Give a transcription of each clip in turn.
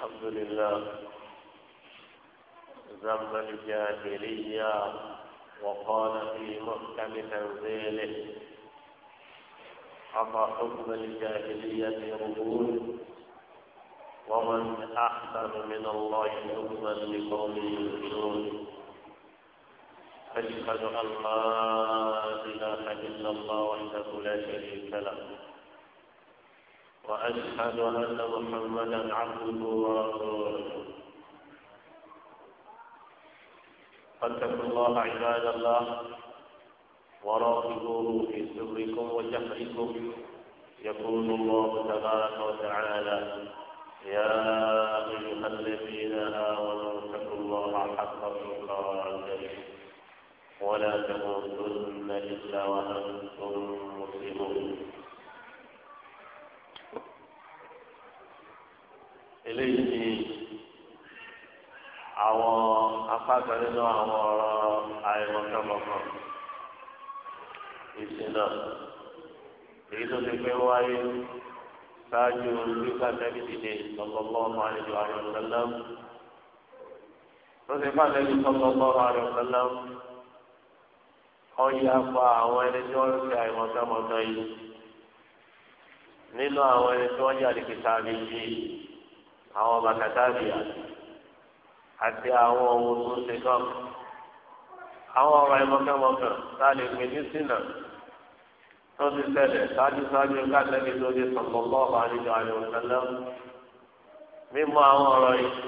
الحمد لله ذم الجاهلية وقال في محكم تنزيله أما حكم الجاهلية رجول ومن أحسن من الله حكما لقوم يؤمنون أشهد أن لا إله إلا الله وحده لا شريك له وأشهد أن محمدا عبده ورسوله فاتقوا الله عباد الله وراقبوه في سركم وجهركم يقول الله تبارك وتعالى يا أيها الذين آمنوا اتقوا الله حق تقاته ولا تموتن إلا وأنتم مسلمون eléyìí ni àwọn apákan nínú àwọn ọ̀rọ̀ àìmọ̀kànmọ̀kàn ìsìn náà èyí tó ti pé wáyé ṣáájú nígbà tẹ́bí dìde lọ́kọ̀ọ́kọ́ àlejò àyọ̀sẹ́lẹ́m tó ti bá tẹ́bí lọ́kọ̀ọ́kọ́ àyọ̀sẹ́lẹ́m ọ̀yà pa àwọn ẹni tí wọ́n ti àìmọ̀kànmọ̀kàn yìí nínú àwọn ẹni tí wọ́n yà lè fi àwọn ọba kàtàbíà àti àwọn ohun tó ṣe kàn àwọn ọba ìmọ̀kẹ́mọ̀kẹ́ tá a lè pè ní sínà tó ti ṣẹlẹ̀ ṣáájú ṣáájú káàkiri tó ti sọ̀tọ̀ lọ́ọ̀bù àlejò àyẹ̀wò tẹ́lẹ̀ mímọ̀ àwọn ọ̀rọ̀ yìí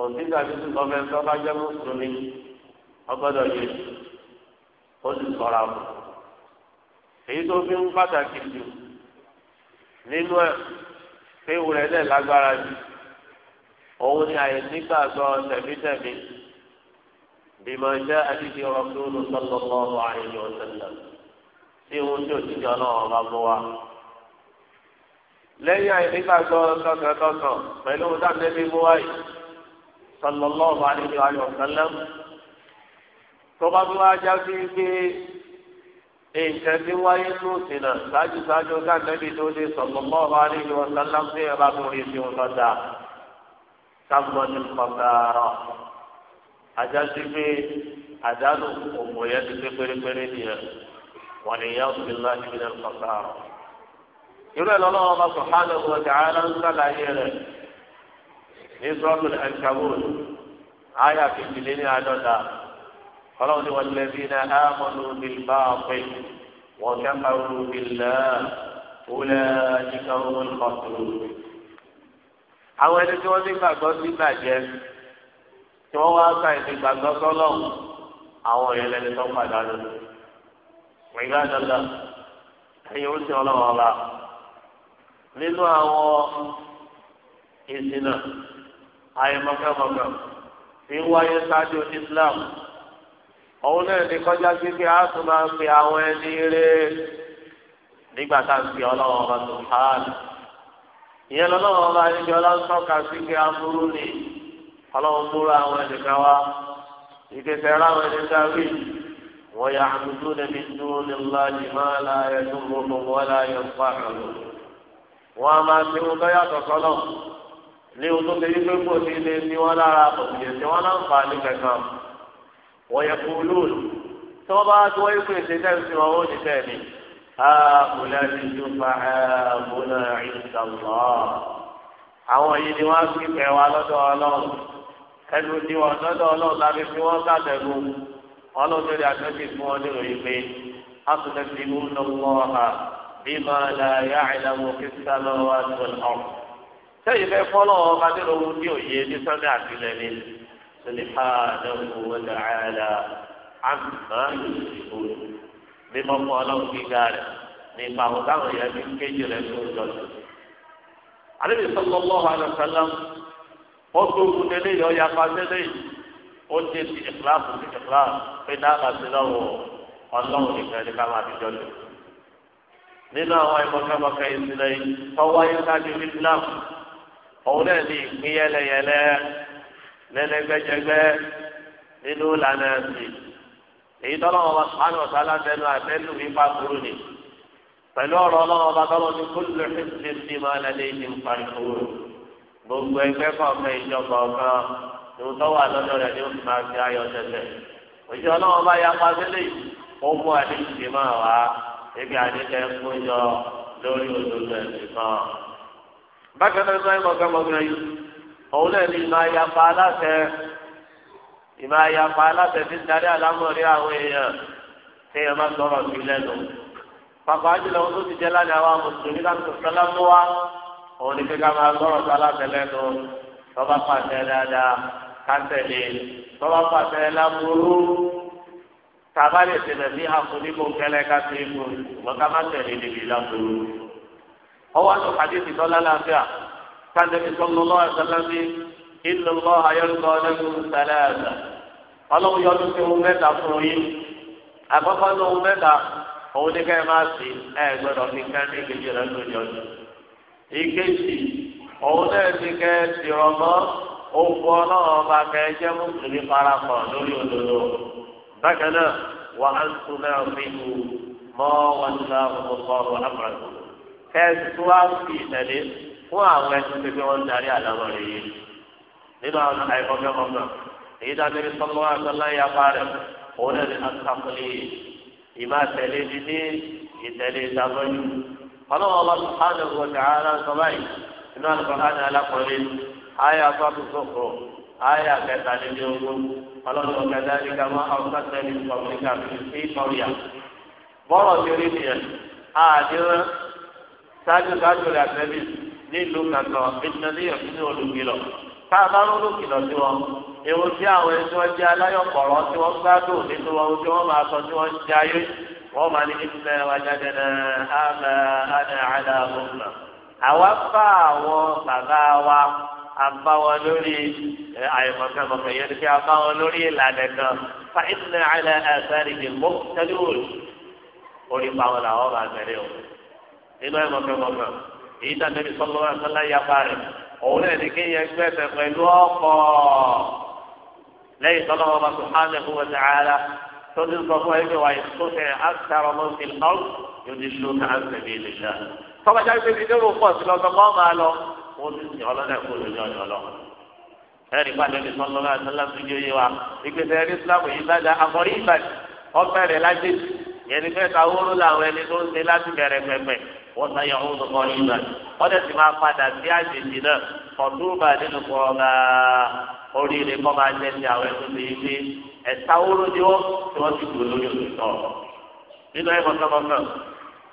òsínà tó ti sọ fẹ́ jẹ́ mùsùlùmí ọgbọ́dọ̀ yìí ó sì sọ̀rọ̀ àbò èyí tó fi ń pàtàkì jù nínú ẹ̀ séwu rẹ̀ lẹ̀ lágbára jù òun ni àyè nígbàgbọ́ tẹ̀mítẹ̀mí bímọ jẹ́ àdìsí Rasulullah sallallahu alaihi wa sallam tí òun tí òjijì ọlọ́run bá mú wa. lẹ́yìn àyè nígbàgbọ́ tọkàntọkàn pẹ̀lú dáńdẹ́bí mú wáyé sallallahu alaihi wa sallam tó bá mú wa já sí nǹkan tí wáyé tó sì nà ṣáájú ṣáájú káàkiri tó dé sallallahu alaihi wa sallam sí ẹ̀ bá tó rí sí wọn lọ́dà sábọ̀ ní kọ̀ọ̀tàrà ajá sí pé àdánù òmò yẹn ti pé pérépéré nìyẹn wọn ni yẹn fi lọ níbi ní kọ̀ọ̀tàrà. irú ẹ̀ lọ́nà ọba subhanahu wa ta'ala ń sàlàyé rẹ̀ ní sọ́ọ̀tù ẹ̀ńkàwọ́ọ̀lù áyà fìdílé ní àádọ́ta ọlọ́run ni wọ́n lẹ́bí náà ámọ́nù bíbá ọ̀pẹ wọ́n kẹ́kọ̀ọ́ bílẹ̀ wúlẹ̀ nígbà wọn kọ̀tù. àwọn ẹni tí wọ́n ti gbàgbọ́ sí bàjẹ́ tí wọ́n wá ka ìdí gbàgbọ́ sọ́lọ̀ àwọn yẹn lẹ́ni tó padà lọ. ìgbà dandan ẹ̀yin ó ti ọlọ́run ọba nínú àwọn ìsìn náà àyè mọ́kànmọ́kàn tí wáyé sáájú Islam òun náà ní kọjá pípé a tún máa ń pe àwọn ẹni rè nígbà tá a ń pe ọlọ́wọ́n ọba tó há ní. ìyẹn lọ́wọ́ ọba níbi ọlọ́sọ́ka pípé amúrú ni ọlọ́wọ́n múra àwọn ẹnìkan wá ìdẹ̀tẹ̀ ráwọn ẹni dárí wọ́n yà àdúgbò níbi dúró ní ńlá máa la ẹ̀dùn gbogbo wọn la fún àkàlù. wọ́n á máa ṣe wọn lọ́yà tọ̀sọ́lọ̀ ní ohun tó ṣe yí pé kò ní ilé ní wọn lára kò wọ́n yẹ kó lóòlù tí wọ́n bá tó wáyé pé ṣe dẹ́rù sí wọn ó ní bẹ́ẹ̀ ni ààbùnà ti tún fa ààbùnà ìṣàlọ́ àwọn yìí ni wọ́n á fi pẹ̀ wá lọ́dọ̀ ọlọ́run ẹnu ni wọn lọ́dọ̀ ọlọ́run lábẹ́ fi wọ́n sàtẹ̀gùn ọlọ́run lórí àtẹ́sí fún wọn lérò yìí pé asùnẹ́sì ń lọ wọ́n ha bí máa la yá àìlàmù kí sálọ́wọ́ àti ọ̀rọ̀ sẹ́yìn bẹ́ẹ̀ fọ́lọ́ سبحانه وتعالى عما يشركون mímọ́ fún ọlọ́run gíga rẹ̀ ní ipa àwọn táwọn èèyàn fi ń kéjì rẹ̀ tó ń jọjọ. àlejò sọ́kọ́ lọ́wọ́ àlọ́sálá ó tó kú délé yọ ya pa délé ó ti ti ìkìláàsì ti ìkìláàsì pé dáàbà sí lọ́wọ́ ọlọ́run nìkan ní ká máa fi jọjọ. nínú àwọn ìmọ̀kẹ́mọ̀kẹ́ ìsinmi tọ́wọ́ ayé ká di islam òun náà ní ìpín yẹlẹyẹlẹ lẹ́lẹ́gbẹ́jẹgbẹ́ nínú lànà ẹ̀sìn èyí tọ́lọ́ wọn bá sùpánù ọ̀sán látẹnu àtẹnu mi bá kúrú ni pẹ̀lú ọ̀rọ̀ ọlọ́wọ́n bá tọ́lọ́ ní kó lè fi ṣe sí máa lẹ́lẹ́ ìdí ń parí gbogbo ẹgbẹ́ kọ̀ọ̀kan ìjọba ọ̀kan tó wà lọ́dọ̀ rẹ̀ ni ó máa fi ayọ̀ tẹ̀lẹ̀ òjò ọlọ́wọ́n bá yapa sílẹ̀ ó àdéhùn máa wá ebi àdéhùn ẹ̀kún yọ lórí òdòdó ẹ̀sìn kan. bákan náà òun náà ní ìmọ̀ ayapa aláṣẹ ìmọ̀ ayapa aláṣẹ ti ń darí àlámọ̀rí àwọn èèyàn téèyàn máa sọ̀rọ̀ sí lẹ́nu. pàpà jùlọ ohun tó ti jẹ́ lánàá àwọn mùsùlùmí láti sọ sọ́lá mú wa òun ní kíkà máa sọ̀rọ̀ sí aláṣẹ lẹ́nu tọ́ba pàṣẹ dáadáa kásẹ̀lẹ̀ tọ́ba pàṣẹ lámúrú tàbá lè tẹ̀lé sí àfọ̀nìkò kẹlẹ́ kásẹ̀ ìfọ̀ mọ̀ká má tẹ̀lé níbi lámúrú kánẹ́bí sọ́lọ́lọ́ àtàlámí ìlọ́lọ́ ayọ́lọ́ ọlẹ́gùn sálẹ̀ àgbà ọlọ́run yọ ọdún tí òun mẹ́ta fún yín àkọ́kọ́ ní òun mẹ́ta òun ní kẹ́ẹ̀ máa sì ẹ gbọ́dọ̀ ní kẹ́ẹ̀ ní kejì rẹ̀ lórí ọdún ìkejì òun náà ní kẹ́ẹ̀ sì rọ̀mọ́ òkú ọlọ́run ọba kẹ́ẹ̀ jẹ́ mùsùlùmí parapọ̀ lórí òdodo bákan náà wà á tún náà fi kú mọ́ wọn ní ọ̀pọ̀lọpọ̀ àmọ̀ràn kẹ́ẹ̀ fi ìtẹ̀lé fún àwọn ẹni tó fi wọn darí àdámọ rẹ yìí nínú àwọn àìkọ́fẹ́kọ́fẹ́ èyí dábẹ́rẹ́ sọ́mọ́ àtọ́lá ya parẹ́ òun náà ní asàkùnlé ìmá tẹ̀lé dídé ìtẹ̀lé ìdámọ́jú ọlọ́wọ́ ọba sùhánù ọ̀gá ara sọ báyìí nínú àlùkọ́hánù alákùnrin ayé afọ́tò sọ̀kọ̀ ayé akẹtàlélé ogun ọlọ́dún ọ̀gá ẹ̀ka mọ́ àwùjọ́sẹ́ni kọ̀míkà fi kọ́ríà bọ́ọ̀lù ti rí nìyẹn àdéhùn sáájú sáájú rẹ̀ àtẹ́bí nílùú kankan ìtúnadé yẹn fún olùkìlọ̀ tá a bá olùkìlọ̀ sí wọn èwo tí àwọn ẹni tí wọn jẹ aláyọkọrọ tí wọn gbádùn nínú ohun tí wọn máa sọ tí wọn jẹ ayé wọn máa ní ìfúnná wájájẹnà àmà àná àlà ọmọ àwa bá àwọn bàbá wa àbáwọn lórí àyẹ̀mọ̀kẹ́mọ̀kẹ́ yẹn kí àbáwọn lórí ìlànà kan fa ìfúnná àlà àṣàrì ní mọ́ tẹ́lẹ̀ òòlù orí pàwọn làwọn bá bẹ̀rẹ̀ o nínú àyẹ̀mọ̀kẹ́mọ̀kẹ́ èyí tá nẹbi sọlọ wà sọlá yapa rẹ òun náà ní kéèyàn gbẹsẹ pẹ̀lú ọkọ lẹ́yìn sọlọ wọn bá tó hánà fún wọn sàárà tó ti sọ fún ẹgbẹ́ wa yìí tó fẹ àkàrà lọ sí lọ yóò di ló ká sẹbi lè dá. tọ́kọ̀tà gbé mi lérò pọ̀ sí lọ́sọ̀ kọ́ máa lọ mo ti sìn ọlọ́dà kó lè ní ọ̀yọ́ lọ. ẹnì pa nẹbi sọlọ wà sọlá fi yé yé wa ìgbésẹ̀ ẹni islam wọ́n sáyà ń lọ kọ́ nígbà wọ́n tẹ̀ sì máa padà sí àjèjì náà ọ̀dúnrún bá nínú kọ́ ọ̀gá oríire kọ́ máa jẹ́ ti àwọn ẹ̀sùn ti ilé ẹ̀ta wóró ni wọ́n tí wọ́n ti dùn lórí òṣù tọ̀ nínú ẹ̀ mọ̀tọ́mọ̀tọ́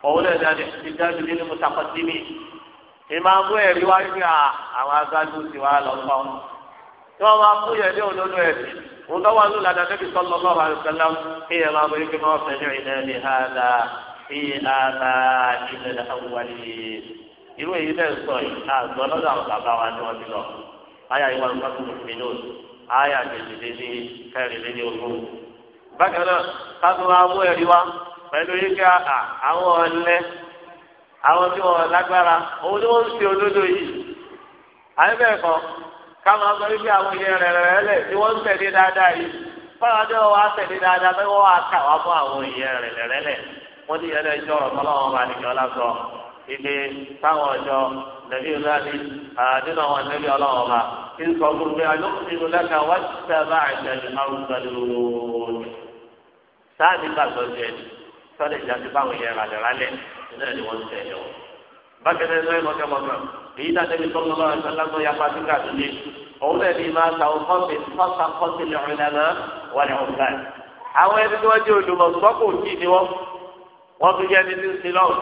òun náà dáadé ti dáadé nínú mọ̀tàkọ́símì ìmàmú ẹ̀rí wá rí àwọn agbájú ti wá lọ pọ́n tí wọ́n máa mú yẹn ní òdodo ẹ̀sìn òun náà wà lóla nàdẹ́bí fi àlà ilẹ̀ awọ́lé irú èyí bẹ́ẹ̀ sọ yìí àgbọ̀ lọ́dọ̀ àwọn bàbá wa ni wọ́n ti lọ àyà ìwà tó fi àyà ní ní ogún. bákan náà káàtó mú wa pẹ̀lú yìí kí àwọn ọ̀lẹ́ àwọn tí wọ́n lágbára òun ni wọ́n ń ṣe olódò yìí. àyè bẹ́ẹ̀ káwọn àwọn ìyẹn rẹ̀ rẹ̀ lẹ̀ tí wọ́n ń tẹ̀lé dáadáa yìí wọn wá tẹ̀lé dáadáa wọ́n ti yẹlẹ ẹjọ́ ọ̀tọ́lọ́wọ́n bá nìkan lásọ ibi táwọn ọjọ́ nàbí ìlànà àdínà wọn nàbí ọlọ́wọ́n bá kí n sọ fún mi alókùnrin lẹ́ka wá sábà àjẹjì arúgbálóòrùn sáàdì gbàgbọ́ jẹ sọ́dẹ̀ ìjàdí báwọn yẹn ràdẹ̀ rálẹ̀ náà ni wọ́n ń tẹ̀lé wọn. bákan náà lóye èyí náà débi tó ń ẹ̀sán lásán yapa síkà nílé òun náà ní máa ta ọkọ́ mi fọ́sà kọ́sílẹ̀ ọ̀rẹ́dàná wà ní ọ̀gá. àwọn ẹni tí wọ́n jẹ́ olùmọ̀ wọ́n tún jẹ́ nínú sí lọ́wọ́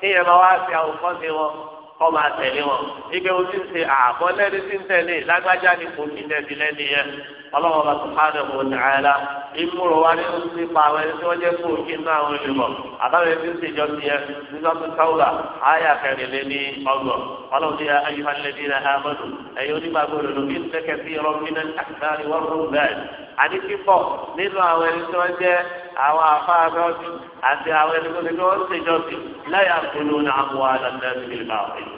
kéèyàn máa wá sí àwọn kan sí wọn kọ́ máa tẹ̀lé wọn ibi wo ti ń ṣe àbọ̀ lẹ́ni ti ń tẹ̀lé lágbájá ni kò ní tẹ̀sí lẹ́ni yẹn ọlọ́wọ́ bá subhanahu wa ta'ala ìmúrò wa nínú nípa àwọn ẹni tí wọ́n jẹ́ fún òkè náà àwọn olùmọ̀ àbáwọn ẹni tí ń ṣèjọ sí yẹn nígbà tó káwùlà àyà kẹrìnlẹ́ ní ọgbọ̀n ọlọ́wọ́ ti yà ayuha alladhina amanu ẹ̀yin onígbàgbọ́ òdodo kí n tẹ́kẹ̀ sí ọlọ́mìnà àwọn afáàfẹ́ ọtí àti àwọn ẹnìkọ́ni tó ń ṣèjọ́sìn láyà kúló ní àwọn alẹ́sẹ̀ ìgbà ọ̀hìn.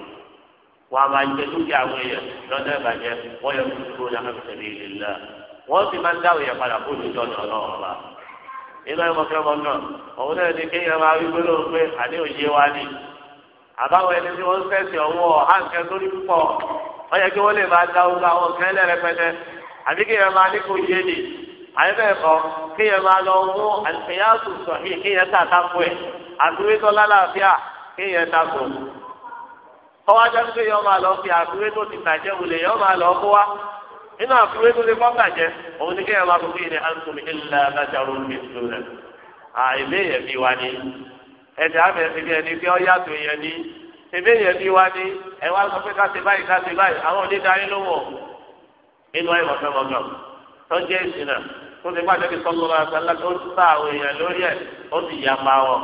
wọ́n máa ń jẹ dúkìá àwọn èèyàn lọ́dọ̀ ìbàjẹ́ wọ́n yẹ kúló ní àmì wọ́n sì máa ń dáwọ̀ yẹn padà kó lójọ́ ní ọlọ́run ọba nínú ẹ̀mọ́fẹ́ ọmọ náà òun náà ní kéèyàn máa wí gbólóhùn pé àní òye wa ni àbáwọn ẹni tí wọ́n ń sẹ́sì ọwọ́ àǹkẹ́ lórí púpọ̀ wọ́n yẹ kí wọ́n lè máa dáwọ́ àwọn kẹ́lẹ́ rẹpẹtẹ àbí kéèyàn máa ní kò yé ni àyẹ̀bẹ̀ kọ́ kéèyàn máa lọ mú àlùfẹ́yàtò sọ̀hí kéèyàn tà tako ẹ̀ àdúrétọ́ lálàáfíà kéèyàn tako. ọwọ́ ajá pé yọ máa lọ fi àdúrétọ́ ti bàjẹ́ wulẹ̀ yọ máa lọ kó wa nínú àdúrétọ́ ti fọ́n bàjẹ́ òun ni kéèyàn máa kó kéèyàn ní antum ilà bàjàrú ní ìṣúná. yẹn bí wa ni àmì yàtọ̀ yẹn ni yẹn bí wa ni wá sọ pé báyìí tó ti bá tẹ́lẹ̀ sọ́kọ́ bá sálá tó ń bá àwọn èèyàn lórí ẹ̀ ó sì yà pa wọn.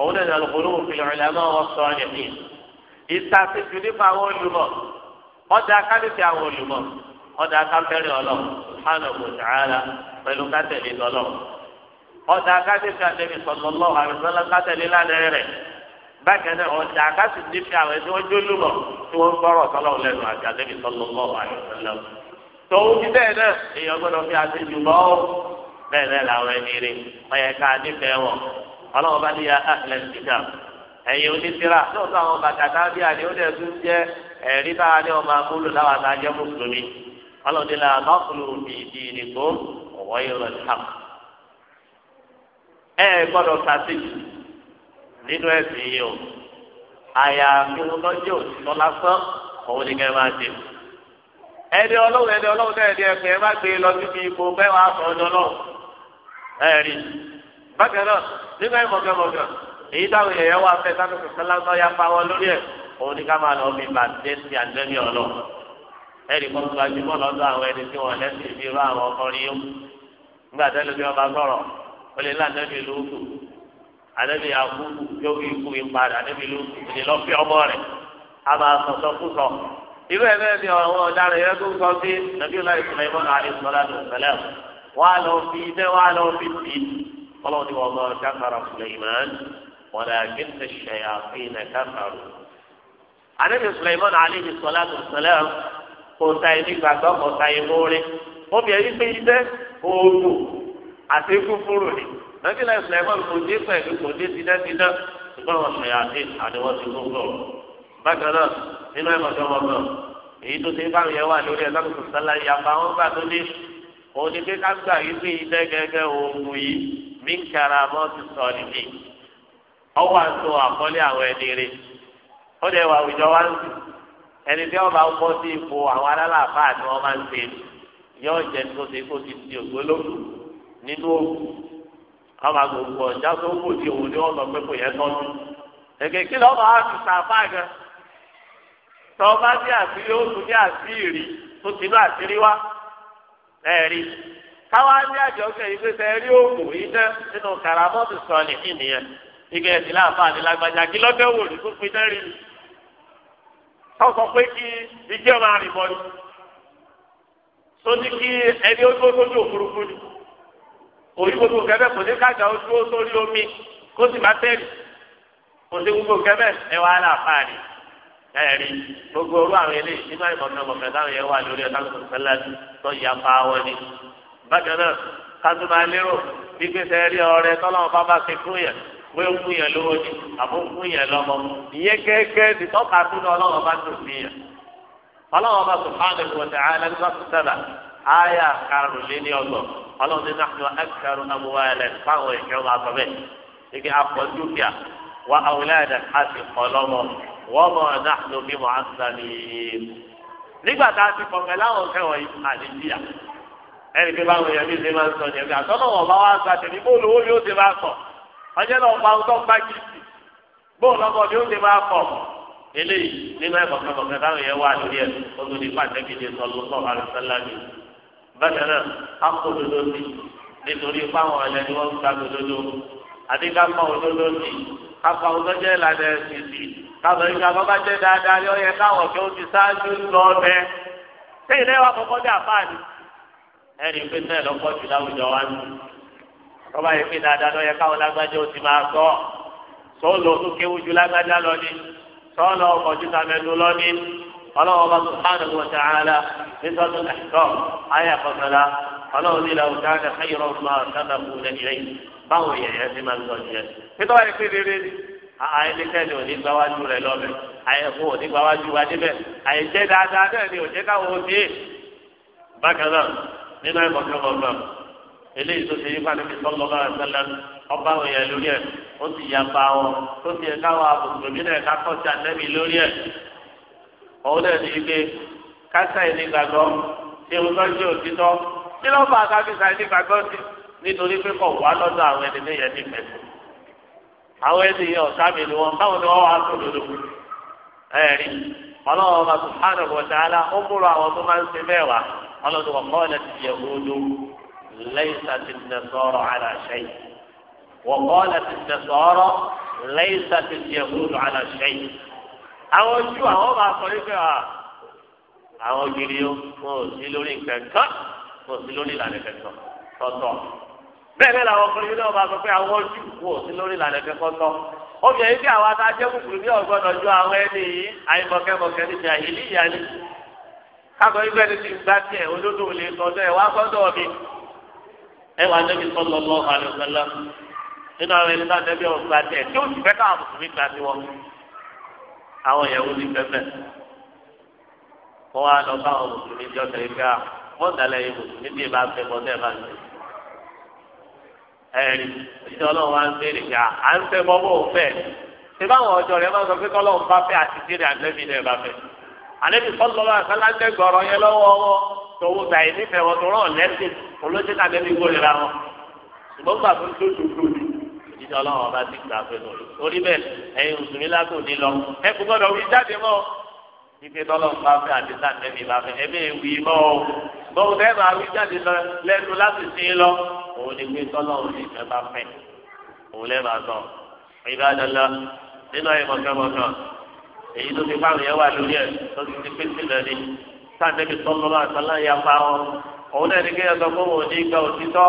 òun náà ní alùpùpù fi ìrìnlẹ̀ náà wọ́n sọ ọ́ nìyí. ìta ti ju nípa àwọn olùmọ̀ ọ̀dà kálífì àwọn olùmọ̀ ọ̀dà káfẹ́rẹ́ ọlọ́ hànà kò pẹ̀lú kátẹ̀lé lọ́lọ́. ọ̀dà kálífì àtẹ̀lé sọ̀lọ́lọ́ àrùsọ́lá kátẹ̀lé lánàá rẹ̀ tòun ti bẹ́ẹ̀ náà èèyàn gbọ́dọ̀ fi àtẹjù bọ́ ọ́ bẹ́ẹ̀ náà làwọn ẹni rè ọ̀yẹ̀ ká nífẹ̀ẹ́ wọn ọlọ́wọ́ bá níyà àtìlẹ́ ìjà ẹ̀yìn onítìrà lóòótọ́ àwọn bàtà tábí àní ó dẹ̀ tún jẹ́ ẹ̀rí bá a ní ọmọ láwọn mùsùlùmí ìdìbò ọ̀wọ́ ẹ gbọ́dọ̀ nínú ẹ̀sìn yìí o àyà àfihàn lọ́jọ́ ẹni ọlọ́run ẹni ọlọ́run náà ẹni ẹ̀fẹ̀ ẹ má gbé e lọ síbi ipò mẹ́wàá sọ ọjọ́ náà ẹ̀rí bákan náà nígbà ìmọ̀gẹ́mọ̀gẹ́ èyí táwọn èèyàn wà fẹ́ sáfẹ́fẹ́ sálágbá ya pa wọn lórí ẹ̀ òun ni ká máa lọ ọ̀lọ́ ẹ̀rí kan àwọn ẹni tí wọ́n lẹ́sìn bí irú àwọn yó nígbà tẹ́lẹ̀ bí wọ́n bá ó lè lá àkúkú yóò fi ipa rẹ̀ irú ẹ̀ bẹ́ẹ̀ ni àwọn ọ̀daràn yẹn tó ń sọ sí nàbí ọlá ìsọ̀rọ̀ ìmọ̀ náà àdìsọ̀rọ̀ àdìsọ̀rọ̀ wà á lọ fi iṣẹ́ wà á lọ fi tì í ọlọ́run ni wọ́n mọ dákàrà Suleiman wọn là kí n ṣe fi iná dákàrò. àdébí Suleiman náà àdìsọ̀rọ̀ àdìsọ̀rọ̀ kò ta ẹni gbàgbọ́ kò ta ẹni múrin ó ẹni pé iṣẹ́ oògùn àti fúfúrú ni nàbí ọlá ìsọ̀rọ̀ ìmọ̀ kò bákan náà nínú ẹ̀mọ̀ tó wọ́n mọ̀ èyí tó ṣe báwọn yẹn wà lórí ẹ̀ sábà sọ̀tàlá ìyàpá wọn gbà tó dé òun ni pé ká gbà yí pé iná gẹ́gẹ́ oògùn yìí mí kára mọ́ ti sọ nìyí ọwọ́ àtò àkọ́lé àwọn ẹni rè ó dẹ̀ wà àwùjọ wa ń sùn ẹni tí wọ́n bá ń sí ipò àwọn alálàáfà ni wọ́n máa ń ṣe yóò jẹ́ tó ṣe kó ti di ògbólógùn nínú òògùn àwọn àgbòǹgbò ọ̀já tó ń wò di òun ni wọ́n sọ pé kò yẹ tọ́jú èkèké lọ́wọ́ á tọ́ba sí àṣírí ó ní àṣírí tó ti ní àṣírí wá ẹ̀rí káwá ní àjọṣe yìí pèsè ẹ̀rí òògùn yìí nínú sọ̀lì nìyẹn ẹ̀sìn láǹfààní lágbájá kí wò ní pé kí ni tó ní kí ẹni ó tó òfurufú omi kó sì má kò sí gbogbo ẹ̀rí gbogbo orú àwọn eléyìí nígbà ìmọ̀tàn ọ̀fẹ́ táwọn yẹn wà lórí ọ̀tá tó fẹ́lẹ́ tó yà pa wọn ni. bákan náà kátó máa lérò gbígbésẹ̀ rí ọ̀rẹ́ tọ́lọ́wọ́n bá bá ṣe fún yẹn wé ń fún yẹn lówó ni àbó ń fún yẹn lọ́mọ ìyẹn kẹ́kẹ́ ti tọ́ka tó ní ọlọ́wọ́n bá tó fi yẹn. ọlọ́wọ́n bá subhanahu wa ta'ala nígbà tó fáwọn ìkẹ́wọ́n àbọ̀bẹ̀ ìgbé àpọ̀ dúkìá wa àwòlẹ́ àdàkà ti wọ́n mọ̀ náà bí mo á sáré. nígbà tá a ti kọ̀ọ̀kẹ́ láwọn kẹwọ̀n yìí àdìsíyà ẹni pé báwọn èèyàn mi ṣe máa ń sọ ní ẹgbẹ́ àtọ́nà wọn bá wá ń sàtẹ̀ ní bóòlù owó ni ó ti máa kọ̀ ọjọ́ náà pa ọtọ́ gbá kìsì bóòlù ọmọ ni ó ti máa kọ̀ eléyìí nínú ẹ̀kọ́ kọ̀ọ̀kẹ́ táwọn èèyàn wà lórí ẹ̀ ọdún ní pàtẹ́kì ní sọlọ́sọ àlùsálàmì bákan náà á kó dodo sí nítorí fáwọn ọ̀lẹ́ ni wọ́n ń gba dodo àti ká pa òdodo sí ká pa òdodo jẹ́ ìlànà ẹ̀sìn sí káwọn ìgbà bá bá jẹ́ dáadáa ni ó yẹ káwọn kí ó ti ṣáájú lọ bẹ ṣé ilé wa kọ́kọ́ bí àfáàní ẹni pé sẹ́ẹ̀ lọ́kọ́ jù láwùjọ wa ní tọ́ba yìí pé dáadáa ló yẹ káwọn lágbájá ó ti máa sọ sọ́ọ̀lù tó kéwu ju lágbájá lọ ní sọ́ọ̀lù ọkọ̀ ju tàmẹ́nu lọ ní ọlọ́wọ́ bá subhanahu wa ta'ala nítorí ẹ̀kọ́ ayé kọsọ̀lá ọlọ́wọ́ ní ìlà òkè àti ẹ̀yọ̀rọ̀ máa sábà kú lẹ́yìn báwo yẹ̀yẹ́ ti máa ayélujára ni òní gbáwájú rẹ lọ́bẹ̀ ayẹ̀fọ́ òní gbáwájú wa níbẹ̀ àyẹ̀jẹ́ dáadáa bẹ́ẹ̀ ni òjẹ́ káwọn òbí bákan náà nínú ẹ̀kọ́ kẹ́kọ̀ọ́ eléyìí tó ṣe yí fún àdébí sọlọ́lá ẹ̀sẹ̀lẹ̀ ọba àwọn èèyàn lórí ẹ̀ ó sì yá pa wọn tó ti ẹ̀ka wọn àbùsùnmí náà ẹ̀ka kọ́ sí àtẹ́bí lórí ẹ̀ òun náà ní ike kásá ẹni gbàgbọ́ ṣé o lọ́ jẹ́ òtítọ́ kí ló fà á káfíńsà ẹni gbàgbọ́ sí nítorí pé kọ̀ wá lọ́dọ̀ àwọn ẹni méyẹ̀ nífẹ̀ẹ́ àwọn ẹni yẹn ọ̀sá mi ni wọn báwo ni wọn wá sọ lódò ẹ̀rí ọlọ́run ọba subhanahu wa ta'ala ó múra àwọn tó máa ń ṣe mẹ́wàá ọlọ́run wọn kọ́ lẹ́tì yẹ olú laysat an-nasara ala shay wa qalat an-nasara laysat al-yahudu ala shay àwọn ojú àwọn máa sọ yìí pé àwọn gírí ó wọn sí lórí nǹkan kan wọn sí lórí ìlànà bẹ́ẹ̀ bẹ́ẹ̀ làwọn ọkùnrin náà bá sọ pé àwọn ojú kù ò sí lórí ìlànà ìfẹ́kọ́ tọ́ obìnrin bí àwọn adájọ́ kùkùrù ní ọ̀gbọ́dọ̀ ju àwọn ẹni yìí àìmọ̀kẹ́mọ̀kẹ́ ní ti àyèlí ìyá ni kákọ́ ibẹ̀ ni ti gbá tiẹ̀ olódò lè sọdọ̀ ẹ̀ wá sọ́dọ̀ mi ẹ wà níbi sọ́dọ̀ lọ àlùfẹ́lá nínú àwọn ẹni náà níbi ọ̀hún gbá tiẹ̀ tí ó sì fẹ́ káwọn mùsùlùmí gbà sí wọn àwọn ìyàwó ní pẹ́pẹ́ wọ́n wá lọ bá àwọn mùsùlùmí jọ́ ẹ̀rí ìjọ ọlọ́run wa ń béèrè pé à ń fẹ́ mọ́ bóun fẹ́ ṣé báwọn ọjọ́ rẹ̀ máa ń sọ pé kọ́lọ́run bá fẹ́ àti jẹ́rẹ̀ àlẹ́bí náà bá fẹ́ àlẹ́bí sọ́lọ́lá àkàlàńdẹ́ gbọ̀rọ̀ yẹn lọ́wọ́ wọn tòwó gbà yìí nífẹ̀ẹ́ wọn tó rán lẹ́sìn olóṣèlú àlẹ́bí gbòòrè wọn ṣùgbọ́n gbà fún lóṣooṣù ìjọ ọlọ́run ọba ti gbà fẹ́ lórí orí bẹ́ẹ̀ ẹ̀yin mùsùlùmí lágò ní lọ ẹ kò gbọ́dọ̀ wí jáde mọ́ ife tọ́lọ́run bá fẹ́ àti sàtẹ́mì bá òun ni pé tọ́lọ́run ní ìfẹ́ bá fẹ́ òun lẹ́ẹ̀ máa sọ ìgbà dandan nínú ayé mọ̀kẹ́mọ̀kẹ́ èyí tó ti fáwọn yẹn wà lórí ẹ̀ tó ti ti pèsè lẹ́ni sáńdẹ́bí tọ́lọ́lọ́ àtàlá ya pa wọn òun náà ní kí ẹ sọ fún òun ní ìgbà òtítọ́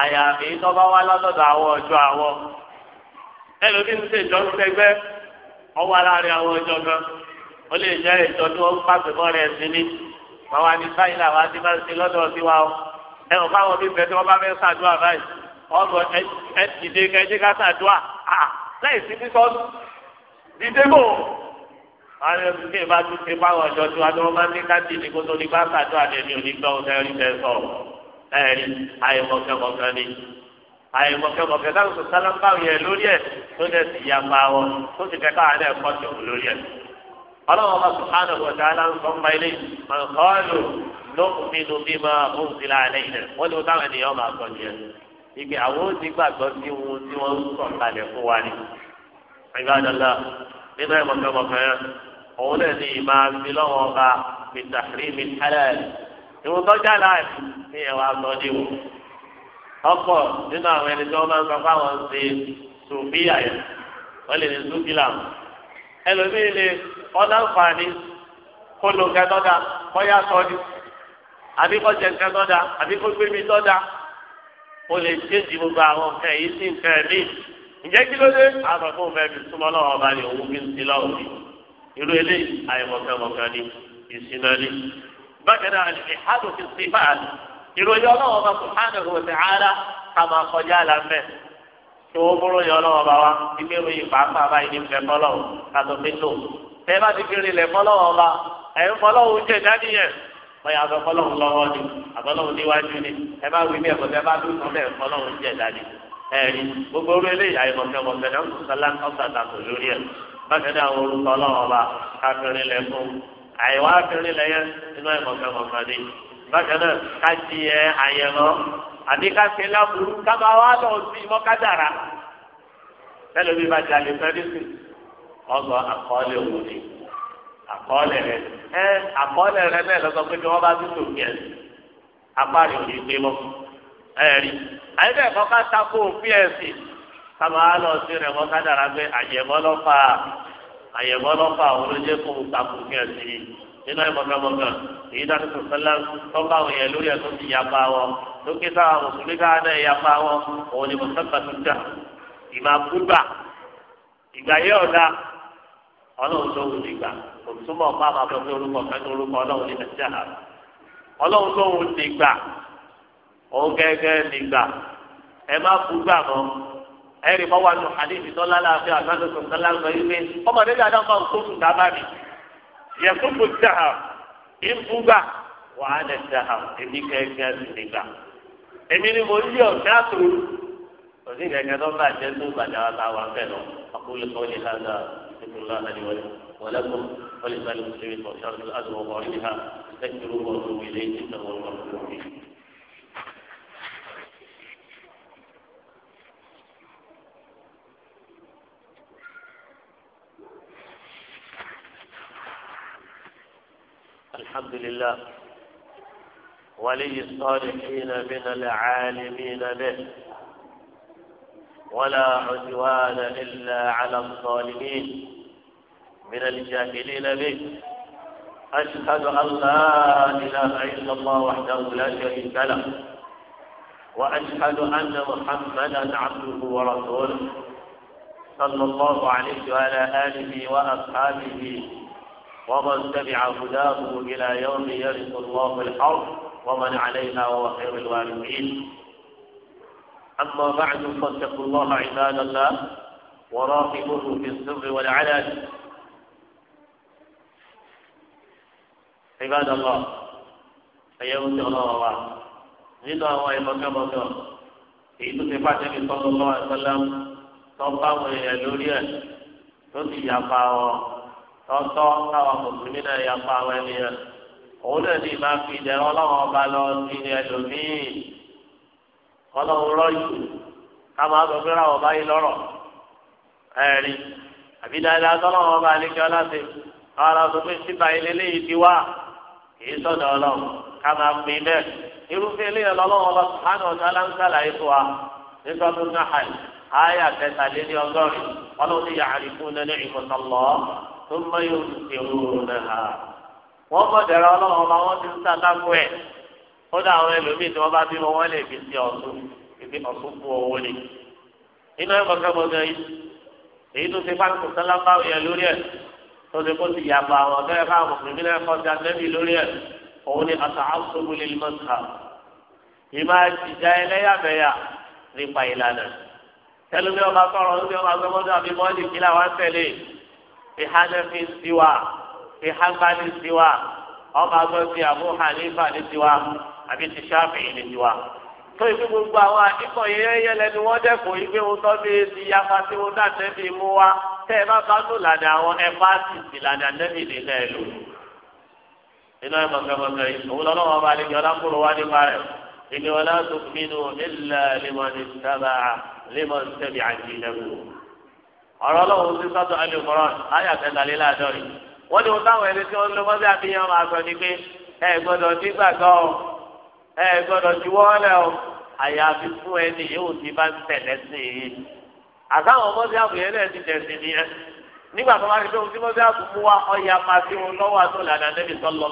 àyàfi tó bá wá lọ́dọ̀dọ̀ àwọn ọjọ́ àwọn ẹlòmí ń ṣe ìjọ ńlẹgbẹ́ ọwọ́ aláàárín àwọn ọjọ́ kan ó lè jẹ́ ìjọ tí wọ́n pàṣẹ mọ́ rẹ̀ sí ni báwa ní báyìí làwọn á máa ń ṣe lọ́dọ̀ sí wa o ẹ ò fáwọn bí bẹ́ẹ̀ tí wọ́n bá fẹ́ ṣàdúrà báyìí ọ̀bọ̀ ẹ dìde kẹjẹ ká ṣàdúrà à láì sí bí sọ́ọ́nù dìde bò àwọn ẹbí kí n bá tún ṣe fáwọn ọjọ́ tí wọ́n tó wọ́n máa ń ní ká dìde kó tó ní bá ṣàdúrà lẹ́ni onígbà ọ̀sẹ̀rí tẹ sọ ẹ̀rí àìmọ̀kẹ́mọ̀kẹ́ ni àìmọ̀kẹ́mọ̀kẹ́ táwọn sọ̀tàlámbáwò yẹn lórí ẹ̀ tó dẹ̀ sì yá pa wọn tó sì kẹ́kọ̀ọ́ àlẹ́ ọlọ́run bá sùhánù ọ̀dà aláǹsọ̀mọ́ ilé ọ̀nkọ́ọ̀lù lókùnmínú bí máa fún sílá lẹ́yìn rẹ̀ wọ́n ní táwọn ènìyàn máa sọ ní ẹ̀. ìgbẹ́ àwọn òsì gbàgbọ́ sí wọn tí wọ́n ń sọ̀ kalẹ̀ fún wa ni. ìgbàdàlà nínú ìmọ̀tọ́mọ̀fẹ́ òun náà ní ìmọ̀ àti lọ́wọ́ ọba mìtàrí mìtàlẹ̀ ìwọ̀n tó já láì ní ẹ̀wà ẹlòmíì lè ọlọ́nfààní kó lo nǹkan tọ́da kó yá sọ ni àbí kó jẹ nǹkan tọ́da àbí kó gbé mi tọ́da ó lè ṣéèjì gbogbo àwọn nǹkan yìí sí nǹkan mí ǹjẹ́ kí ló dé àwọn tó ń fẹ́ fi súnmọ́ lọ́wọ́ ọba ni òun fi ń ti lọ́wọ́ ni irú eléyìí àìmọ̀kànmọ̀kàn ni ìsinmi ni bákan náà ni ìhádùn ti sí báyìí ìròyìn ọlọ́wọ́ ọba sùn tí wọ́n búrò yọ ọlọ́wọ́ bá wa ilé ìròyìn pàápàá báyìí ní ìfẹ́ fọlọ́wọ́ kátó fi lò tẹ́ bá ti fi rinlẹ̀ fọlọ́wọ́ ọba ẹ̀ ń fọlọ́wọ́ jẹ dání yẹn bóyá abẹ fọlọ́wọ́ lọ́wọ́ ni àbọ̀lọ́wọ́ níwájú ni ẹ bá wí bí ẹ̀kọ́ tẹ́ bá dùn sọ bẹ́ẹ̀ fọlọ́wọ́ àwọn orúkọ ọlọ́wọ́ ọba káfíńrin lẹ̀ fún àìwá káfíńrin lẹ̀ yẹn inú ìmọ̀kẹ́mọ̀kẹ́ ni bákan náà ká àti ká ṣe láburú ká máa wá lọ sí mọ́kádàrà bẹ́ẹ̀ ló bí bá jalè fẹ́rẹ́sì ọgbọ àkọọ́lẹ̀ wò ni àkọọ́lẹ̀ rẹ ẹ àkọọ́lẹ̀ rẹ bẹ́ẹ̀ lọ́sọ pé bí wọ́n bá tún tòun yẹn apárí òní pé mọ́ ẹ̀rí àyè bẹ́ẹ̀ kọ́ ká takò òfin ẹ̀sìn ká máa lọ sí rẹ̀ mọ́kádàrà pé àyẹ̀mọ́ lọ́fà àyẹ̀mọ́ lọ́fà òun ló jẹ́ kó takò òfin ẹ̀sìn yìí nínú ẹ̀ mọ̀kànmọ̀kàn èyí dájú tó sẹ́lá tó bá àwọn èèyàn lórí ẹ̀sùn ti yapa wọn lókè táwọn mùsùlùmí káwọn náà yapa wọn òun ni mùsùlùmí tó dà ìmọ̀ àbúgbà ìgbà yẹ ọ̀dà ọlọ́run ló wù nígbà òtúmọ̀ ọ̀pá máa fẹ́ orúkọ fẹ́ orúkọ ọlọ́run ní nàìjíríà ọlọ́run ló wù nígbà òun gẹ́gẹ́ nígbà ẹ má búgbà mọ́ ẹ̀rì mọ́wá nù hàdí ìfitọ́lá láàfin àgbàdo sọ̀tọ́lá lọ ilé ọmọdé dáadáa máa ń tó sùn dábàá yẹtùkù dáhà ìfúgbà wàá lẹ dáhà èmi kẹkẹ nìgbà èmi ni mo yí ọ̀gá tó òsì kẹkẹ tó bá jẹ tó bàjẹ́ wa táwa fẹ́ lọ àkúlẹ̀ kọ́ ní hàdà ìfúnlá àti wọlé ولكم ولسائر المسلمين وشر الأدب وظاهرها استكبروا وأتوبوا إليه إنه هو الغفور الرحيم الحمد لله ولي الصالحين من العالمين به ولا عدوان إلا على الظالمين من الجاهلين به أشهد أن لا إله إلا الله وحده لا شريك له وأشهد أن محمدا عبده ورسوله صلى الله عليه وعلى آله وأصحابه ومن تبع هداه إلى يوم يرث الله الأرض ومن عليها وهو خير الوارثين أما بعد فاتقوا الله عباد الله وراقبوه في السر والعلن عباد الله أيها الله nínú àwọn ìmọ̀kẹ́mọ̀kẹ́ èyí tó ti fàṣẹ fi sọ́dọ̀ lọ́wọ́ ẹ̀sọ́lá tó bá tọ́tọ́ táwọn mùsùlùmí náà yà pa àwọn ẹni yẹn òun náà ní ìbá fi ìdẹ ọlọ́wọ́ ọba lọ sí ní ẹlòmíì ọlọ́wọ́ rọ́ọ̀yù ká máa sọ pé ráwọ̀ báyìí lọ́rọ̀ ẹ̀rí àbí dáadáa tọ́lọ́wọ́ ọba àlejò aláṣẹ àwọn aláṣọ pé síta ilé léyìí ti wá kìí sọ̀dọ̀ ọlọ́run ká pè é bẹ́ẹ̀ irúfẹ́ ilé ọlọ́wọ́ ọba sùhánù ọ̀tá aláǹsàlà ètò wa nígbà náà àyà kẹtàlélẹ́ ọlọ́run yà tó mọ yóò ti ṣe òru náà wọ́n mọ̀ dẹ̀rọ ọlọ́run ọba wọ́n ti ń sá lágbo ẹ̀ ó dá àwọn ẹlòmíì tí wọ́n bá bímọ wọ́n lè fi ṣe ọ̀tún ibi ọ̀tún fún owó ni. inú ẹ̀ kọ́kẹ́mọ́gẹ́ yìí èyí tó ti bá kò sálábà yẹn lórí ẹ̀ tó ti kó ti yàgbà àwọn ọ̀gá ẹ̀ka mùsùlùmí náà kọ́ ti àtẹ́bí lórí ẹ̀ òun ni àtàkùn lè mọ̀ta. ìmọ̀ ìjà ẹlẹ́yàmẹ̀yà nípa ìlànà tẹ́lómi ọba sọ̀rọ̀ ní ọba sọmọdé àbí mọ́ọ̀lì kí làwọn ìhánẹ́fì tiwa ìhánbá ní tiwa ọmọ agbọ́n ti Abu Hanifa ní tiwa àbí ti Shafi'i ní tiwa. tó ìfi gbogbo àwọn àdìpọ̀ yẹn yẹlẹ ni wọ́n dẹ́kun ìgbé wọn tọ́ bí ti yapa tí wọn náà tẹ́ fi mú wa tẹ́ ẹ bá bá lò lànà àwọn ẹ̀fá sì sì lànà nẹ́bì nílẹ̀ lò. iná ẹ̀ mọ̀kẹ́mọ̀kẹ́ òun lọ́wọ́ bá lè jọ lákòrò wá nípa rẹ̀ ìní ọ̀rọ̀ ọlọ́run ti sọ́tọ̀ ẹni mọ́rán ayé àtẹ̀tàléláàdọ́rin wọ́n ní wọ́n táwọn ẹni tí wọ́n lọ mọ́tí àfihàn máa sọ ni pé ẹ gbọ́dọ̀ ti gbàgbọ́ ọ ẹ gbọ́dọ̀ ti wọ́ọ́lẹ̀ ọ àyàfi fún ẹni yóò ti bá ń tẹ̀lé sí i. àtàwọn mọ́tí àfihàn náà ti tẹ̀sí ni ẹ nígbà tó wá rí pé tí mọ́tí àfihàn mú wa ọyà máa fi wọn lọ́wọ́ àtọ́ lànà níbi sọ́lọ́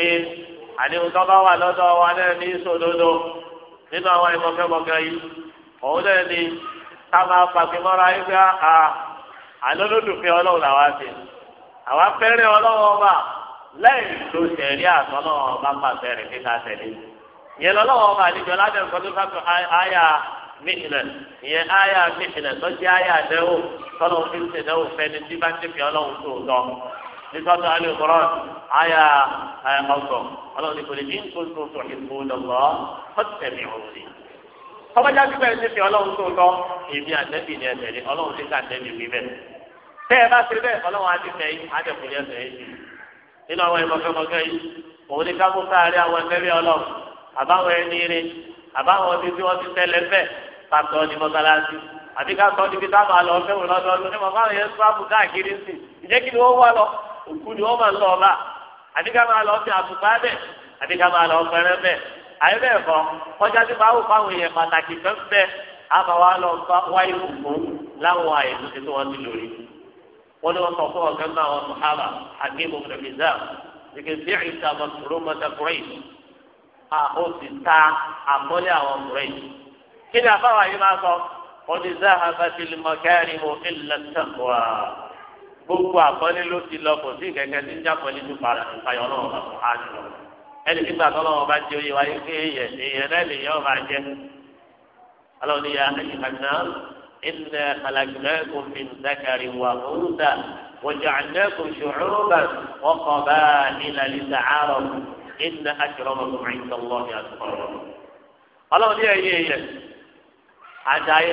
lọ́ọ̀ àní nǹkan bá wà lọ́dọ̀ wa náà ní sòdodo nínú àwọn ìmọ̀kẹ́mọ̀kẹ́ yìí òun náà ni ká máa pàṣẹmọ́ra yín pé a àlọ́lọ́dùnfẹ́ ọlọ́run làwa ṣe àwa fẹ́rẹ̀ ọlọ́run ọba lẹ́yìn tó tẹ̀lé àtọ́lọ́run ọba pàṣẹ rẹ̀ kíkà tẹ̀lé yẹn lọ́lọ́run ọba àdìjọ ládẹ́ nǹkan tó sáfẹ́ àyà mìtìlẹ̀ ìyẹn àyà mìtìlẹ̀ tó jẹ́ àyà àdẹ́wò tọ́lọ́run fi ń tẹ̀lé nítorí alẹ́ kọ́rọ́ àyà ọ̀sọ̀ ọlọ́run ní kòlè ní nkóso tó ìfò lọ́wọ́ ọ̀tẹ̀mí òní. tọ́bajá ti bẹ̀rẹ̀ sísè ọlọ́run tó tọ́ èmi àtẹ́bí ni ẹ̀sẹ̀ ni ọlọ́run ti ká àtẹ́bí mi bẹ́ẹ̀. tẹ́ ẹ bá ṣe bẹ́ẹ̀ ọlọ́run á ti fẹ́ yín á dẹ̀ kò ní ẹsẹ̀ yín. nínú àwọn ìmọ̀kẹ́mọ̀kẹ́ yìí òun ní kákó káàrí àwọn ẹgbẹ́rẹ́ ọlọ́run àbáwọn ẹni ire àbáwọn ọdí tí wọ́n ti tẹ́lẹ̀ fẹ́ pàtó ní mọ́sálásí àbí ká sọ níbi táwọn àlọ́ fẹ́ràn lọ́dọọdún ní mọ̀ fáwọn yẹn sábù káàkiri sí ìjẹ́ kí ni wọ́n wá lọ òkú ni wọ́n máa ń lọ ọba àti ká máa lọ sí àtùpá bẹ́ẹ̀ àti ká máa lọ pẹrẹ bẹ́ẹ̀ àyè bẹ́ẹ̀ fọ kọjá tí báwo fáwọn èèyàn pàtàkì fẹ́ fẹ́ àbá wa lọ wáyé òkú láwọn àyè tó ti tó wọn ti lórí wọn ni wọn sọ fún ọkàn náà wọn sọhábà àti ìmọ̀ọ́mọ̀ ìgbésà ìgbè sí ìta mọ̀tòrò mọ̀tàkùrẹ́ àwọn ti ta àmọ́lé àwọn kùrẹ́ kí ni àbáwá yìí máa sọ wọn ti záhàbà tìlímọ̀kẹ́rì mọ̀ ilẹ̀ tẹ̀kọ̀ọ́ gbogbo àkọlé ló ti lọ kò sí kẹ̀kẹ́ tí ń jákọlé tó para ìfàyọ̀ náà wà fún àjọ ẹni nígbà tó lọ́wọ́ bá jẹ́ oyè wáyé pé èèyàn èèyàn náà lè yọ máa jẹ́ alọ́ni ya ẹ̀yìnkànnà ìnà kàlàkìlẹ́kùn fi dákàrí wà fúrúta wọ́jàǹdẹ́kùn ṣòro ọkọ̀ bá ìlàlí sàárọ̀ ìnà àṣìrọ̀mọ̀kùn àìsànlọ́ọ̀ni àtúkọ̀rọ̀ ọlọ́ni ẹ̀yẹ ẹ̀yẹ àjà ayé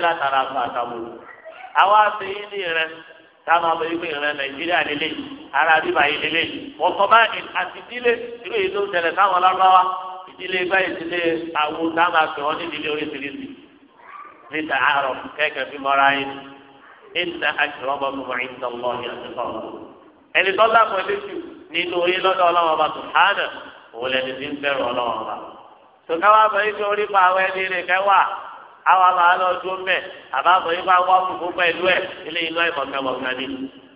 táwọn ọmọ ìwé ìrìn nàìjíríà lélẹ̀ ara bíbá yìí lélẹ̀ mọ̀tọ́báàdì àti ìdílé irú èyí tó ń tẹ̀lé táwọn lárúbáwá ìdílé bá ìdílé àwo táwọn àfẹ́ wọn nídìílé oríṣiríṣi níta àárọ̀ kẹ́kẹ́ fi mọ́ra yín níta àṣìrọ́bọ̀ mọ̀ ìtàn lọ ní àtúntàn ẹni tó lápò lẹ́sù nínú orí lọ́dọ̀ ọlọ́wọ́ bá tó hánà òun lẹni tí ń bẹ̀rù ọlọ́wọ́ bá tó àwa máa lọ dún mẹ àbábọ̀ yín máa wá fúnfún pẹ̀lú ẹ̀ ilé iná ìmọ̀kẹ́mọ̀kẹ́ ni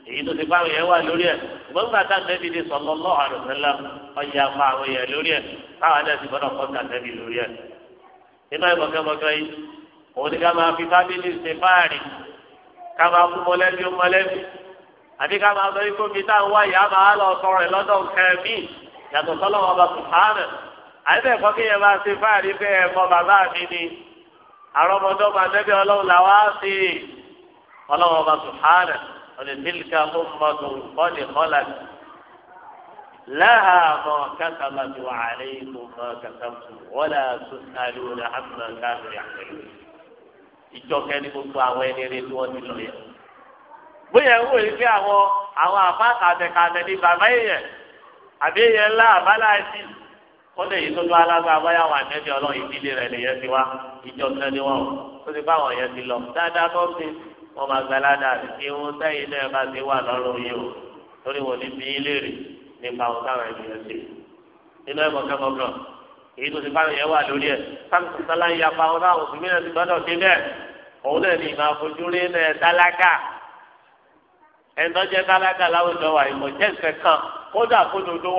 èyí tó ti bá àwọn yẹn wà lórí ẹ̀ ṣùgbọ́n nígbà tá nẹ́bí ni sọ̀tọ̀ lọ́ àrùsẹ́lá ọjà pa àwọn yẹn lórí ẹ̀ káwọn náà ti gbọ́dọ̀ kọ́ ta nẹ́bí lórí ẹ̀ iná ìmọ̀kẹ́mọ̀kẹ́ yìí òun ni ká máa fi fábílì ṣe fáàrí ká máa kú mọ́lẹ́bí mọ́lẹ́bí àti ká máa sọ ikú mi táwọn wáyé á máa lọ sọ̀rọ̀ ẹ̀ lọ́dọ̀ kẹ́mí yàtọ̀ sọ́lọ́wọ́ bá tù àrọ́mọdọ́ máa nẹ́bí ọlọ́run làwọn á sí i ọlọ́run ọba sùhánà ọ̀nà tílíkà ọmọdé kọ́lé kọ́lá láha mọ kásábà tó àárẹ̀ ikú mọ kásábà wọlé àtúntàlù ní àmà káàkiri àkẹyìn ìjọkẹ́ ní gbogbo àwọn ẹni rẹ tí wọ́n ti lọ yẹ. bóyá ń wò pé àwọn àwọn àbá ní bàbá yẹn àbí yẹn ńlá àbálá ẹ̀sìn kọ́dọ̀ yìí tó tó alága abáyá wà nẹ́bí ọlọ́run ìdílé rẹ̀ lèyẹn ti wá ìjọ sẹ́ni wọn tó ti báwọn yẹn ti lọ dáadáa tó ti wọn máa gba ládàá àti ohun sẹ́yìn náà bá ti wà lọ́rùn yìí o torí wọn ní bí léèrè nípa ohun táwọn ènìyàn ṣe nínú ẹ̀kọ́ kẹ́kọ̀ọ́ kan èyí tó ti báwọn yẹn wà lórí ẹ̀ sáàmùsùn sálá ń yapa ohun táwọn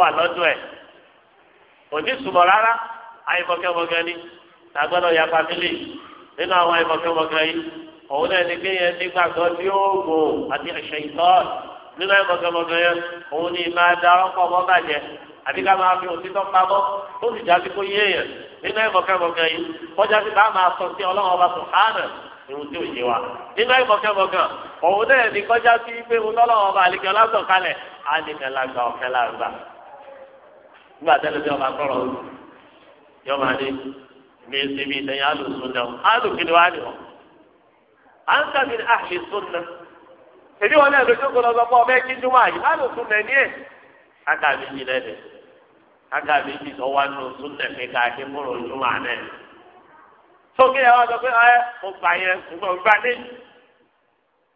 òsùn kò ní sùmọ̀ rárá àìmọ̀kẹ́mọ̀kẹ́ ni tàgbọ́dọ̀ ya fámílì nínú àwọn àìmọ̀kẹ́mọ̀kẹ́ yìí òun náà ní kéèyàn nígbàgbọ́ tí ó gbò àti ẹ̀ṣẹ̀ ìtọ́ nínú àìmọ̀kẹ́mọ̀kẹ́ yẹn òun ní máa da ọkọ̀ mọ́ bàjẹ́ àti ká máa fi òtítọ́ pamọ́ tó sì já sí kó yé èèyàn nínú àìmọ̀kẹ́mọ̀kẹ́ yìí kọjá sí bá máa sọ sí ọlọ́run ọba sùhánà ìhun tí ò yé wa nínú àìmọ̀kẹ́mọ̀kẹ́ òun náà ní kọjá sí pé òun tọ́lọ́run ọba àlejò lásọ̀kalẹ̀ á nìkan lágbà ọ̀kẹ́ lágbà nígbà tẹ́lẹ̀ bí ọba kọ̀rọ̀ yọba ní mèsì mi lẹ́yìn alùsùnà alùkìlì wa ni wọ́n. à ń tàbí àhì sùnà èmi wọn náà lójú kọlọ lọ bọ ọbẹ kí jùmọ àyè alùsùnà ní ẹ. aka mi jì lẹ́dẹ̀ aka mi jì sọ wá nù sùnà mi ká kí múrò jùmọ àná. sókè ẹ wá sọ pé ẹ mo gbà yẹn ṣùgbọ́n gbà dé.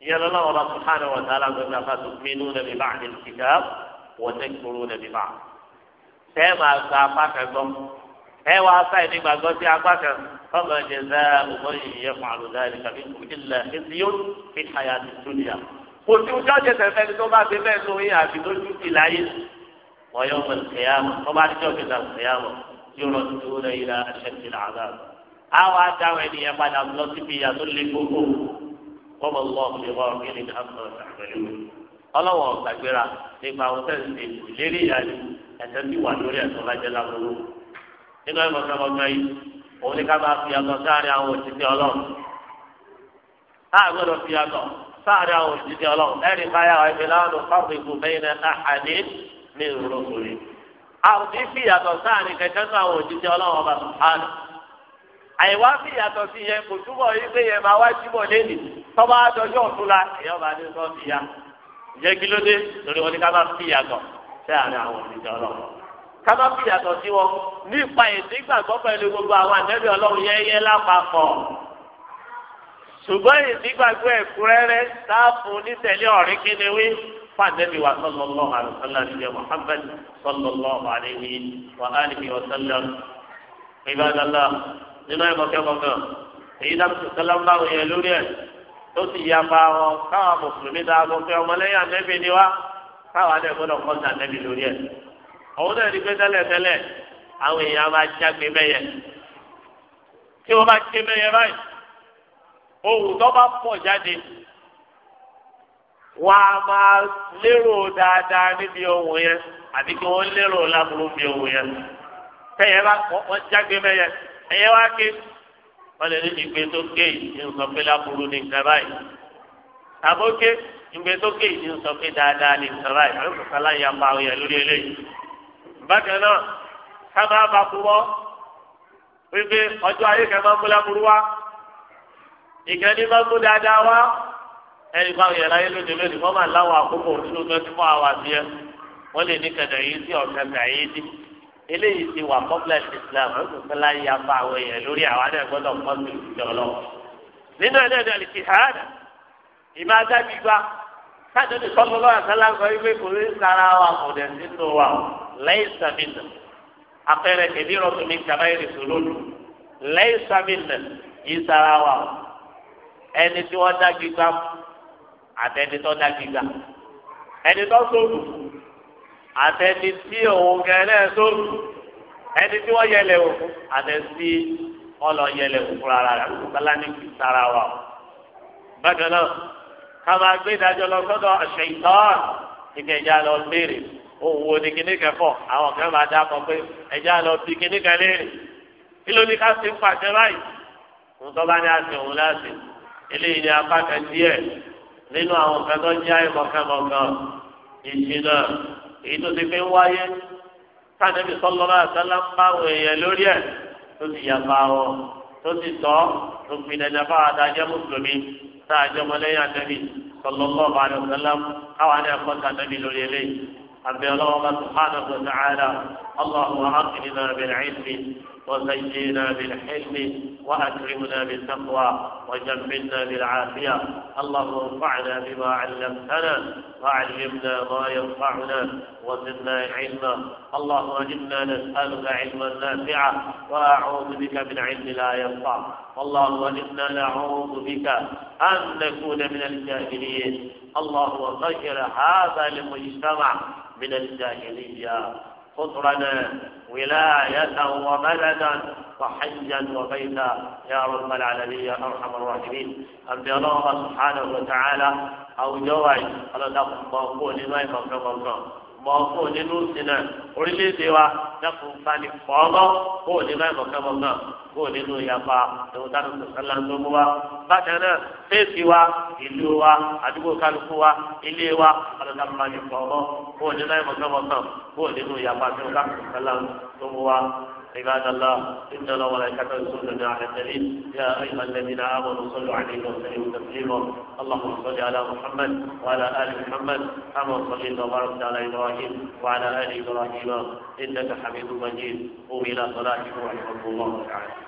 ìyẹn lọ́nà ọ̀rọ̀ sùhánà wọ̀tá alágbèbá fásitì mi nù nàbí bá àdìsíkà ẹ máa gba apákẹ́gbọ́ ẹ wá sáì ní gbàgbọ́ sí apákẹ́ ọgbà jẹ̀dá ọgbà yìí yẹ fún àlùdá ẹni kàbí ìlẹ̀ èsì yóò fi àyà ti tóni à. kò sí ojú ọjọ́ tẹ̀fẹ́ ni tó bá fi bẹ́ẹ̀ tó yín àti lójú ti láyé wọ́yọ̀ mẹ̀sẹ̀yàmọ̀ tó bá ní jọ́ọ̀kì náà mẹ̀sẹ̀yàmọ̀ yóò lọ sí owó lẹ́yìn náà ẹ̀ṣẹ̀ ti là á àwọn adáwọ̀ ènìyàn padà lọ síbi ìyà tó gbogbo wọ́n mọ̀ lọ́ọ̀ ọlọ́wọ́ gbàgbéra nípa ọ̀sẹ̀ ìlú lérí ìyájú ẹ̀sẹ̀ tí wà lórí ẹ̀sọ́ lájẹ́ lábúrú. nínú ẹ̀mọ́ sọ́kọ̀ọ́gbẹ́ yìí òun ni ká fi sáàrin àwọn òṣìṣẹ́ ọlọ́run. a gbọ́dọ̀ fi sáàrin àwọn òṣìṣẹ́ ọlọ́run káyà ẹ̀fẹ̀ bẹ́yìn àdé ní ìrọ̀lọ́sọ̀rẹ́. ìjẹ́ kí ló dé torí wọn ní ká bá fi yàtọ̀ sí àárín àwọn òṣìṣẹ́ ọlọ́run ká bá fi yàtọ̀ sí wọn nípa ètò ìgbàgbọ́ pẹ̀lú gbogbo àwọn àtẹ́bí ọlọ́run yẹ́yẹ́ lápapọ̀ ṣùgbọ́n ètò ìgbàgbọ́ ẹ̀kúnrẹ́rẹ́ sáàfù nítẹ̀lé ọ̀rìn kíni wí fàtẹ́bí wa sallallahu alaihi wa sallam ṣe Muhammad sallallahu alaihi wa nínú ẹ̀kọ́ kẹ́kọ̀ọ́ kan èyí dábìtì sọ́lá ń bá òye lórí ẹ̀ tó sì yá pa wọn káwọn mùsùlùmí dáa lọ pé ọmọlẹ́yìn ànẹ́bí ni wá káwọn adé gbọ́dọ̀ kọ́ sí ànẹ́bí lórí ẹ̀. òun náà ní pé tẹ́lẹ̀ àwọn èèyàn máa jágbe mẹ́yẹ tí wọ́n bá ké mẹ́yẹ báyìí ohun tó bá pọ̀ jáde wọ́n á máa lérò dáadáa níbi ohun yẹn àbí kí wọ́n lérò láburú bí ohun yẹn tẹ́yẹ bá wọ́n jágbe mẹ́yẹ ẹ̀yẹ wá ké wọ́n lè ní ìgbé tó gé yìí ń sọ pé láburú ní nǹkan báyìí àbókè ìgbé tó gé yìí ń sọ pé dáadáa ní nǹkan báyìí àwọn kòkòrò aláya pa àwọn èèyàn lórí eléyìí bákan náà sábà bá kúrọ́ wípé ọjọ́ ayé kan máa ń mú láburú wá ìkan ní máa ń mú dáadáa wá ẹnì kan àwọn èèyàn láyé lónìí lónìí wọ́n máa láwọn àkókò nínú twenty hours yẹn wọ́n lè ní kẹ̀dẹ̀ yìí sí ọ̀kẹ́ eléyìí ti wà complex islam ọdún fẹlá yà bá àwọn èèyàn lórí àwọn adé gbọ́dọ̀ pọtù ìjọlọ nínú ẹdẹ ẹdẹ lè ti hàdà ìmọ adágbígbá káàdé ní sọlọlọ àtàlà sọ wípé kò ní sara wa kò dé nínú wa lẹ́yìn sàmìnà apẹrẹ kẹbí rọtún mi kaba yẹn lè lòlù lẹ́yìn sàmìnà yìí sara wa ẹni tí wọn dágbígbá àtẹni dágbígbá ẹni tó sọlù àtẹni tí òun gẹlẹ sóru ẹni tí wọn yẹlẹ wò fún àtẹni tí wọn lọ yẹlẹ wò fún ara rẹ kọlá ní kí sara wa o bákan náà ká máa gbé ìdájọ́ lọ sọ́dọ̀ àṣẹ ìtọ́n ìkẹjà lọ béèrè òun wo ni kíní kẹfọ àwọn kan máa dá kọ pé ẹjà lọ bí kíní kan léèrè kí ló ní ká sí ń pàṣẹ báyìí òun tó bá ní àṣẹ òun láti eléyìí ni apá kan díẹ̀ nínú àwọn kan tó jẹ àìmọkànmọkàn ìṣìnà èyí tó ti fi ń wáyé sanabi sọlọlá àtàlà ń bá àwọn èèyàn lórí ẹ tó ti yàgbà ọ tó ti tọ tó fi dandan fún àwọn adájọ mùsùlùmí tá a jẹ ọmọlẹ́yìn àtẹbí sọlọlọ àbàlẹ ọsẹlẹ káwọn àdé ẹ̀kọ́ sanabi lórí eléyìí àbẹ ọlọwọ bá tó ti àádà ọlọwọ وزينا بالحلم وأكرمنا بالتقوى وجنبنا بالعافية اللهم انفعنا بما علمتنا وعلمنا ما ينفعنا وزدنا علما اللهم إنا نسألك علما نافعا وأعوذ بك من علم لا ينفع اللهم إنا نعوذ بك أن نكون من الجاهلين اللهم خير هذا المجتمع من الجاهلية قطرنا ولاية وبلدا وحجا وبيتا يا رب العالمين يا أرحم الراحمين أبي الله سبحانه وتعالى أو جوعي قال لك ما قول ما يفكر mọ̀ fún onínú sinà orílẹ̀-èdè wa dákun balẹ̀ fọ́ọ́lọ́ kó o bá ìmọ̀kẹ́ mọ̀ náà kó o nínú ìyapa ìwọ̀n tá a lọ sọ́lá ń lọ́mú wa. bákan náà fèsì wa ìlú wa àdúgbò kálukú wa ilé wa ọlọ́dà balẹ̀ fọ́ọ́lọ́ kó o bá ìmọ̀kẹ́ mọ̀ náà kó o nínú ìyapa ìwọ̀n tá a lọ sọ́lá ń lọ́mú wa. عباد الله إن الله وملائكته يصلون على النبي يا أيها الذين آمنوا صلوا عليه وسلموا تسليما اللهم صل على محمد وعلى آل محمد كما صليت وباركت على إبراهيم وعلى آل إبراهيم إنك حميد مجيد قوم إلى صلاتكم رحمكم الله تعالى